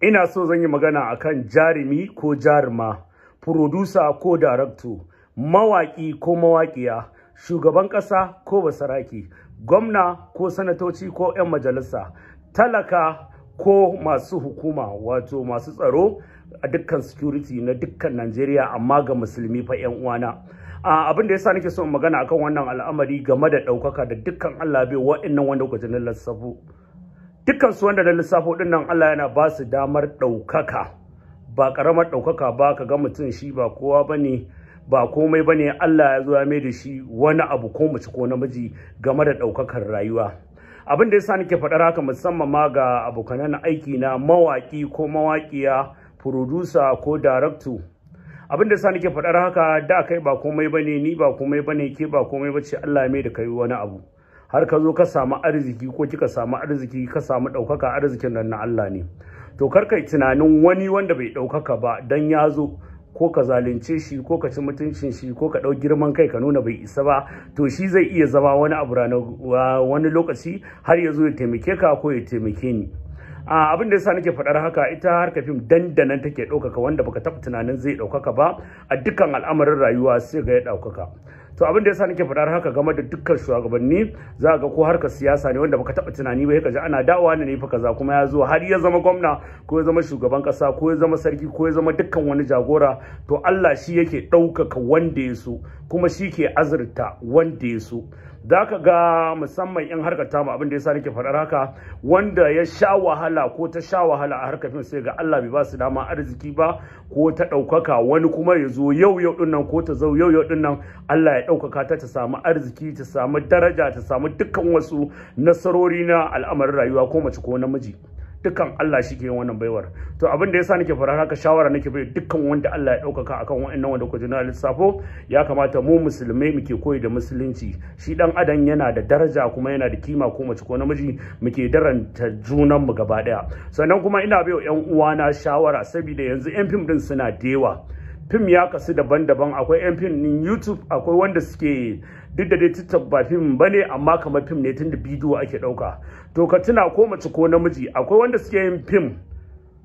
ina so zan yi magana akan jarumi ko jaruma furodusa ko darakto mawaƙi ko mawaƙiya shugaban ƙasa ko basaraki gwamna ko sanatoci ko 'yan majalisa talaka ko masu hukuma wato masu tsaro a dukkan security na dukkan Najeriya amma ga musulmi fa 'yan uwana abin da yasa nake so magana akan wannan al'amari game da ɗaukaka da dukkan Allah bai wa'annan wanda kuka ji lissafo dukkan su wanda na lissafo din nan Allah yana ba su damar ɗaukaka ba ƙaramar ɗaukaka ba ka ga mutum shi ba kowa bane ba komai ba Allah ya zo ya mai da shi wani abu ko mace ko namiji game da ɗaukakar rayuwa abin da yasa nake faɗar haka musamman ma ga abokanan aiki na mawaki ko mawakiya furodusa ko darakto abin da yasa nake faɗar haka da kai ba komai ba ne ni ba komai ba ke ba komai ba Allah ya mai da kai wani abu har ka zo ka samu arziki ko kika samu arziki ka samu ɗaukaka arzikin nan na Allah ne to karka tunanin wani wanda bai ɗaukaka ba dan ya zo ko ka zalunce shi ko ka ci mutuncin shi ko ka ɗau girman kai ka nuna bai isa ba to shi zai iya zama wani abu wani lokaci har ya zo ya taimake ka ko ya taimake ni abin da yasa nake faɗar haka ita har ka fim dandanan take ɗaukaka wanda baka taɓa tunanin zai ɗaukaka ba a dukkan al'amarin rayuwa sai ga ya ɗaukaka to abin da yasa nake faɗar haka game da dukkan shugabanni za ga ko harkar siyasa ne wanda baka taɓa tunani ba kaji ana da'awa ne fa kaza kuma ya zo har ya zama gwamna ko ya zama shugaban kasa ko ya zama sarki ko ya zama dukkan wani jagora to Allah shi yake ɗaukaka wanda ya so kuma shi ke azurta wanda ya so da ka ga musamman in harkar tamu abin da ya sa nake faɗar haka wanda ya sha wahala ko ta sha wahala a harkar fim sai ga Allah bai ba su dama arziki ba ko ta ɗaukaka wani kuma ya zo yau yau din nan ko ta zo yau yau din nan Allah ya ɗaukaka ta ta samu arziki ta samu daraja ta samu dukkan wasu nasarori na al'amarin rayuwa ko mace ko namiji dukan Allah shi ke yin wannan baiwar to abin da sa nake fara haka shawara nake bai dukkan wanda Allah ya ɗaukaka akan wa'annan wanda kuji na lissafo ya kamata mu musulmai muke koyi da musulunci shi dan adam yana da daraja kuma yana da kima ko mace ko namiji muke daranta junan mu gaba daya sannan kuma ina bai yan uwana shawara saboda yanzu yan fim din suna dewa fim ya kasu daban-daban akwai 'yan fim ɗin youtube akwai wanda suke duk da dai tiktok ba fim ba ne amma kamar fim ne tunda bidiyo ake ɗauka to ka tuna ko mace ko namiji akwai wanda suke yin fim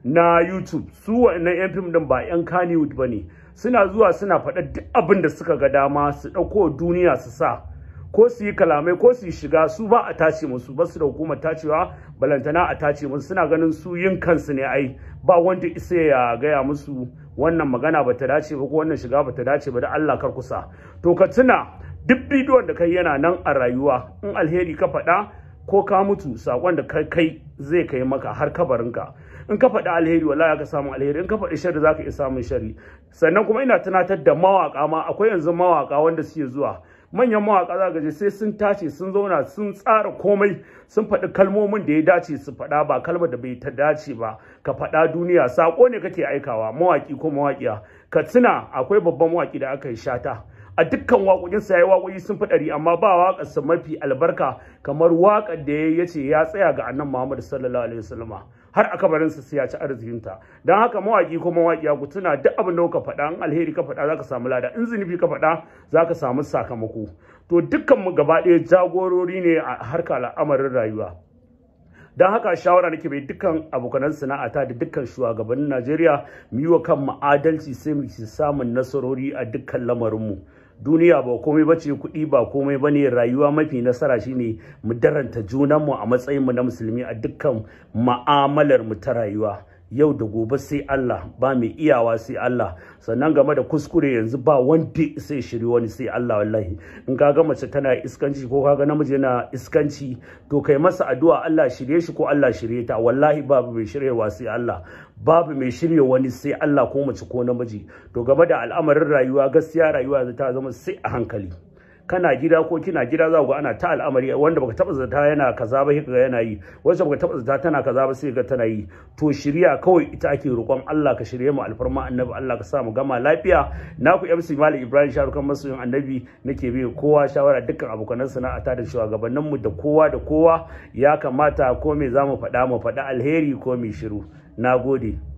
na youtube su wa'annan 'yan fim din ba 'yan kaniwood ba ne suna zuwa suna faɗa duk abin da suka ga dama su ɗauko duniya su sa ko su yi kalamai ko su yi shiga su ba a tace musu ba su da hukumar tacewa balantana a tace musu suna ganin su yin kansu ne ai ba wanda isa ya gaya musu wannan magana ba ta dace ba ko wannan shiga ba ta dace ba da Allah kar kusa to ka tuna duk bidiyon da kai yana nan a rayuwa in alheri ka faɗa ko ka mutu sakon da kai kai zai kai maka har kabarinka in ka faɗi alheri wallahi ka samu alheri in ka faɗi sharri zaka iya samun sharri sannan kuma ina tunatar da mawaka ma akwai yanzu mawaka wanda suke zuwa manyan mawaƙa za gaji sai sun tashi sun zauna sun tsara komai sun faɗi kalmomin da ya dace su faɗa ba kalmar da bai ta dace ba ka faɗa duniya saƙo ne kake aikawa mawaƙi ko mawaƙiya ka tuna akwai babban mawaki da aka yi shata a dukkan waƙoƙin sa yayi waƙoƙi sun fi ɗari amma ba waƙar sa mafi albarka kamar waƙar da ya ce ya tsaya ga annan Muhammad sallallahu alaihi wasallama har a kabarinsa su ya ci arzikinta don haka mawaki ko mawaƙiya ku tuna duk abin da ka faɗa an alheri ka faɗa zaka samu lada in zunubi ka faɗa zaka samu sakamako to dukkan mu gaba ɗaya jagorori ne a harkar al'amarin rayuwa don haka shawara nake bai dukkan abokanan sana'ata da dukkan shugabannin Najeriya mu yi wa kanmu adalci sai mu samun nasarori a dukkan lamarinmu. mu duniya ba komai bace kuɗi ba komai bane rayuwa mafi nasara shine mu daranta junanmu a matsayinmu na musulmi a dukkan ma'amalar mu ta rayuwa yau da gobe sai Allah ba mai iyawa sai Allah sannan game da kuskure yanzu ba wanda sai shiri wani sai Allah wallahi in ka ga mace tana iskanci ko ka ga namiji yana iskanci to kai masa addu'a Allah shirye shi ko Allah shirye ta wallahi babu mai shiryewa sai Allah babu mai shirye wani sai Allah ko mace ko namiji to game da al'amarin rayuwa gaskiya rayuwa ta zama sai a hankali kana gida ko kina gida za ku ana ta al'amari wanda baka taba zata yana kaza ba ga yana yi wanda baka taba zata tana kaza ba sai ga tana yi to shirya kawai ita ake roƙon Allah ka shirye mu alfarma annabi Allah ka sa mu gama lafiya naku MC Malik Ibrahim Sharukan masoyin annabi nake bi kowa shawara dukkan abokanan sana'ata da shugabannin mu da kowa da kowa ya kamata ko me zamu faɗa mu faɗa alheri ko me shiru nagode